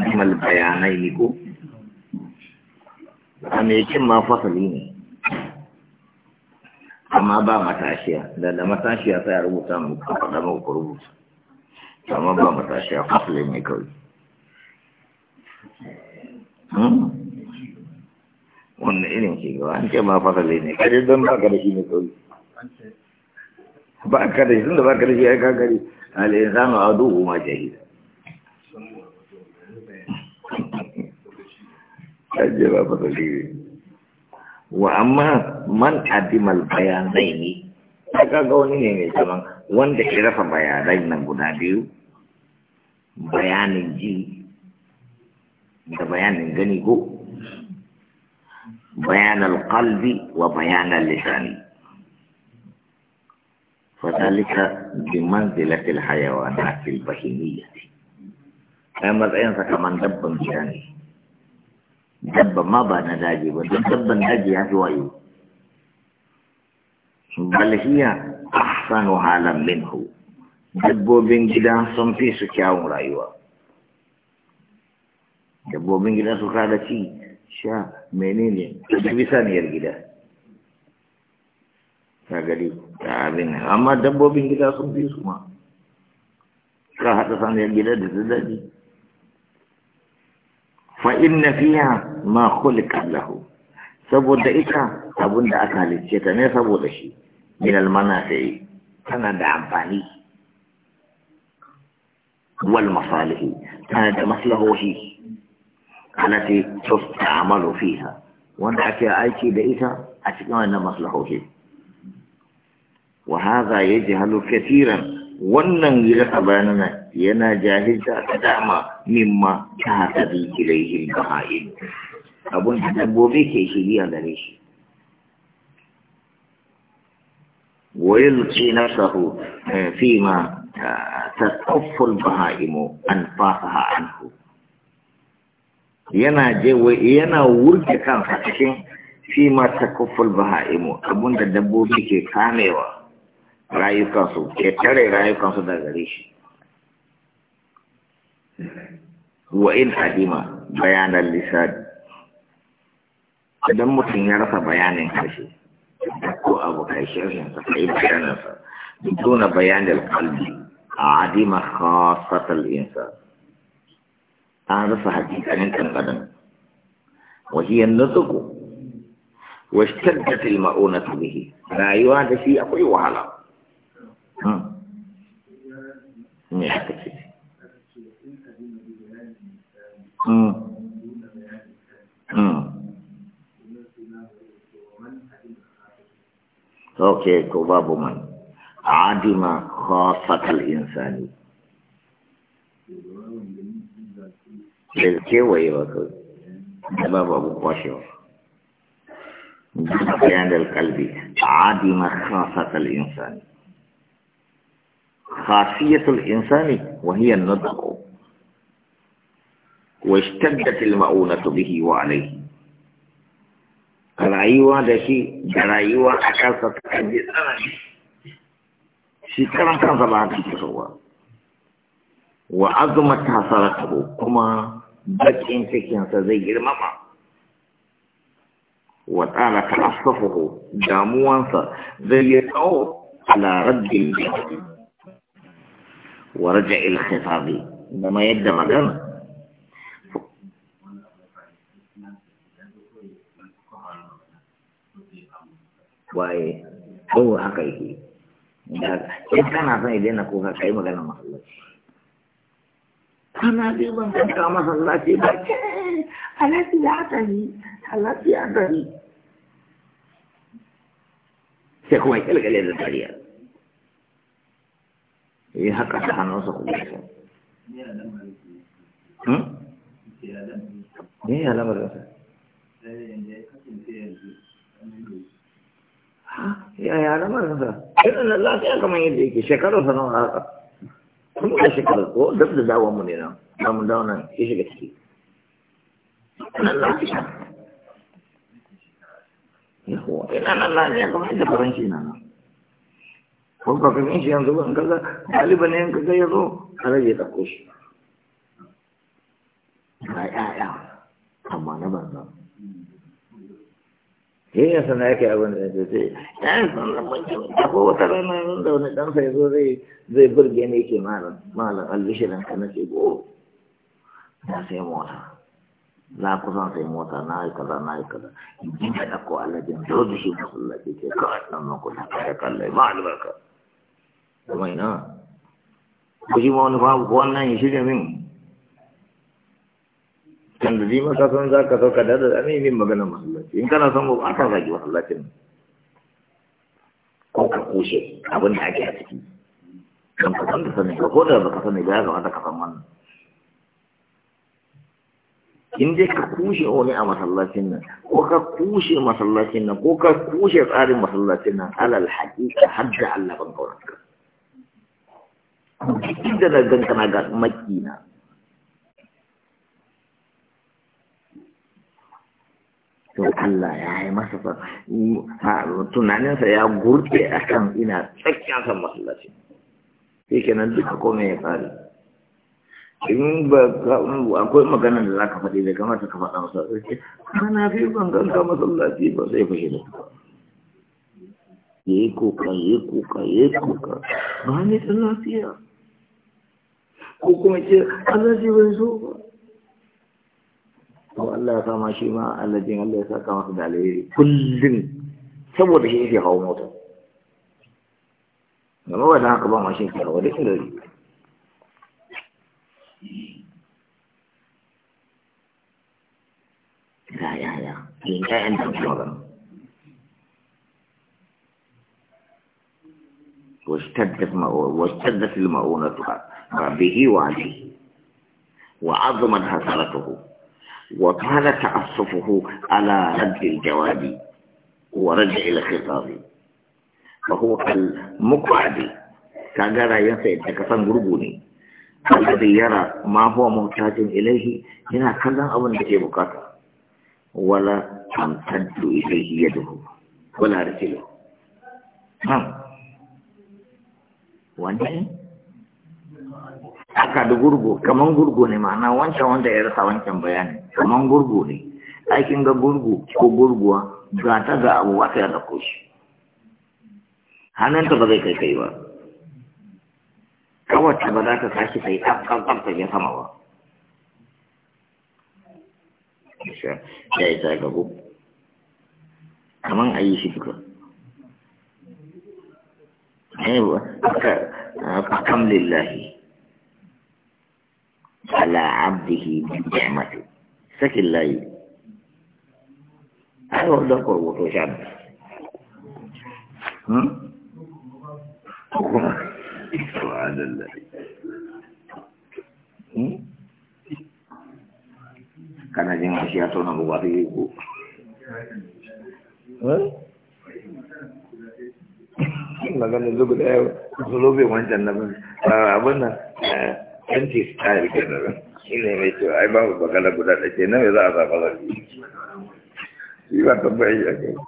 مقدم البيانين كو أم ma fasali ne amma ba matashiya da da matashiya sai a rubuta mu a faɗa mu ku rubuta amma ba matashiya fasle mai kawai hmm? wannan irin shi gaba an ce ma fasali ne kaje don ba ka da shi ne kawai ba ka da shi tun da ba ka da shi ya ka gari al-insanu aduhu ma jahila je ba dalili wa amma man adimal bayanai ne kaga wani ne mai zaman wanda ke rafa bayanai nan guda biyu bayanin ji da bayanin gani ko bayanan kalbi wa bayanan lisani fatalika biman zilatil hayawa na filbahimiyya ɗan matsayinsa kamar dabban gida ne dabban ma ba na daji ba don dabban daji ya fi wayo bal hiya ahsanu halan minhu dabbobin gida sun fi su kyawun rayuwa dabbobin gida su kada ci sha menene da bisa niyar gida ta gari ta abin amma dabbobin gida sun fi su ma ka haɗa saniyar gida da su daji فإن فيها ما خلق له سبود إيكا أبون أكالي شيطاني سبود شي من المنافع تنا دا عمباني والمصالح تنا دا مصلحو شي التي تستعمل فيها وانا حكي آيكي دا إيكا أشكوا أن وهذا يجهل كثيرا وانا يغفى بأننا ينا جاهزة تدعمه mimma ta tabi ilaihi baha'in abun da dabbobi ke shiriya gare shi ويلقي نفسه فيما تصف البهائم أنفاسها عنه yana jewa yana wurke kansa cikin fi mata kuful baha'imu da dabbobi ke kamewa rayukansu ke tare rayukansu daga gare shi وإن عدم بيان اللسان idan mutum ya rasa bayanin harshe ko abu kai shirin sa kai bayanin sa duna bayanin kalbi a adima khasatal insa an rasa hakikanin kan adam wa hiya nutqu wa ishtaddat al ma'unatu bihi rayuwa da shi akwai wahala ce to babu man adima khasatal insani da kewaye wa kai da القلب عادم خاصة الإنسان خاصية الإنسان وهي النطق واشتدت المؤونة به وعليه rayuwa da shi da rayuwa a kansa ta kan ji tsanani shi karan kansa ba haka ke sauwa wa azuma ta sarata kuma bakin cikinsa zai girmama wa tsara ta asafuhu damuwansa zai yi tsawo ala rabbin wa raja il khitabi da mayar da magana waye ko haka yake in kana son idan na kuka kai magana masallaci kana je ban kanka masallaci ba ke. A ce alaƙi ya tafi alaƙi ya tafi sai kuma kyalkyale da dariya yi haka ta hannunsa kuma ya san ne hmm? ya lamarinsa ya yara marasa irin lafiya kamar yadda yake shekarar sanar haka kuma da shekarar ko duk da dawon mu ne nan namun daunan ya shiga ciki ina lafiya yahuwa ina nan lafiya kamar yadda faranshi na nan ko kafin shi yanzu ban kaza ɗaliban ne yanka ga ya zo a rage ɗauko shi yayin sana yake abin da ya ce ya san lamarin da ko wata rana nan da wani dan ya zo zai zai burge ne yake malam malam albishirin ka nace go da sai mota na kusan sai mota na yi kaza na yi kaza in ka dako alajin zo da shi masallaci ke kawai nan nan kuma ka kallai ba albarka kuma ina ko shi ma wani babu ko wannan ya shirya min maganan da jima ka san za ka so ka dada da ne maganan masallaci in kana son ba ka zagi masallacin ko ka kushe abin da ake a ciki kan ka san da sani ka ko da ba ka sani ba ya kamata ka san wannan in dai ka kushe wani a masallacin nan ko ka kushe masallacin nan ko ka kushe tsarin masallacin nan alal haƙiƙa har da Allah ban kaunarka. Duk da na gan kana ga makina to Allah ya yi masa tunaninsa ya gurɗe a kan ina tsakiyar san masallaci sai kenan duka komai ya fari. in ba akwai maganar da za ka faɗi da kamata ka faɗa masa sarki ana fi ban ganka masallaci ba sai fashe da ya yi kuka ya yi kuka ya yi kuka ba ne ta lafiya ko kuma ce Allah shi bai ba أو الله كما شيما الذي ليس كما قد عليه كل سوى به في قومه لما هو ذاك ما شيء في قومه ليس لا يا يا إن كان تفضل واشتدت ما واشتدت المعونة به وعليه وعظمت حصلته وكان تعصفه على رد الجواب ورجع إلى الخطاب فهو المقعد كان رأيان يتكسن غربوني الذي يرى ما هو محتاج إليه هنا كلام أبن بكي بكاته ولا تمتد إليه يده ولا رسله نعم وانتين aka da gurgu kaman gurgu ne ma'ana wancan wanda ya rasa wancan bayani kaman gurgu ne aikin ga gurgu ko gurguwa ga ta ga abu wata ya dauko shi hannunta ba zai kai kai ba kawace ba za ta sashi sai tsaftsaf ta sama ba ya yi ta gabo kaman a yi shi duka ne eh, ba kam lillahi abdihi bi ni'mati layi wancan na abin nan 20 style kenan ini ne mai cewa ai babu bakala guda ɗake nan za a zaɓa zaɓi shi ya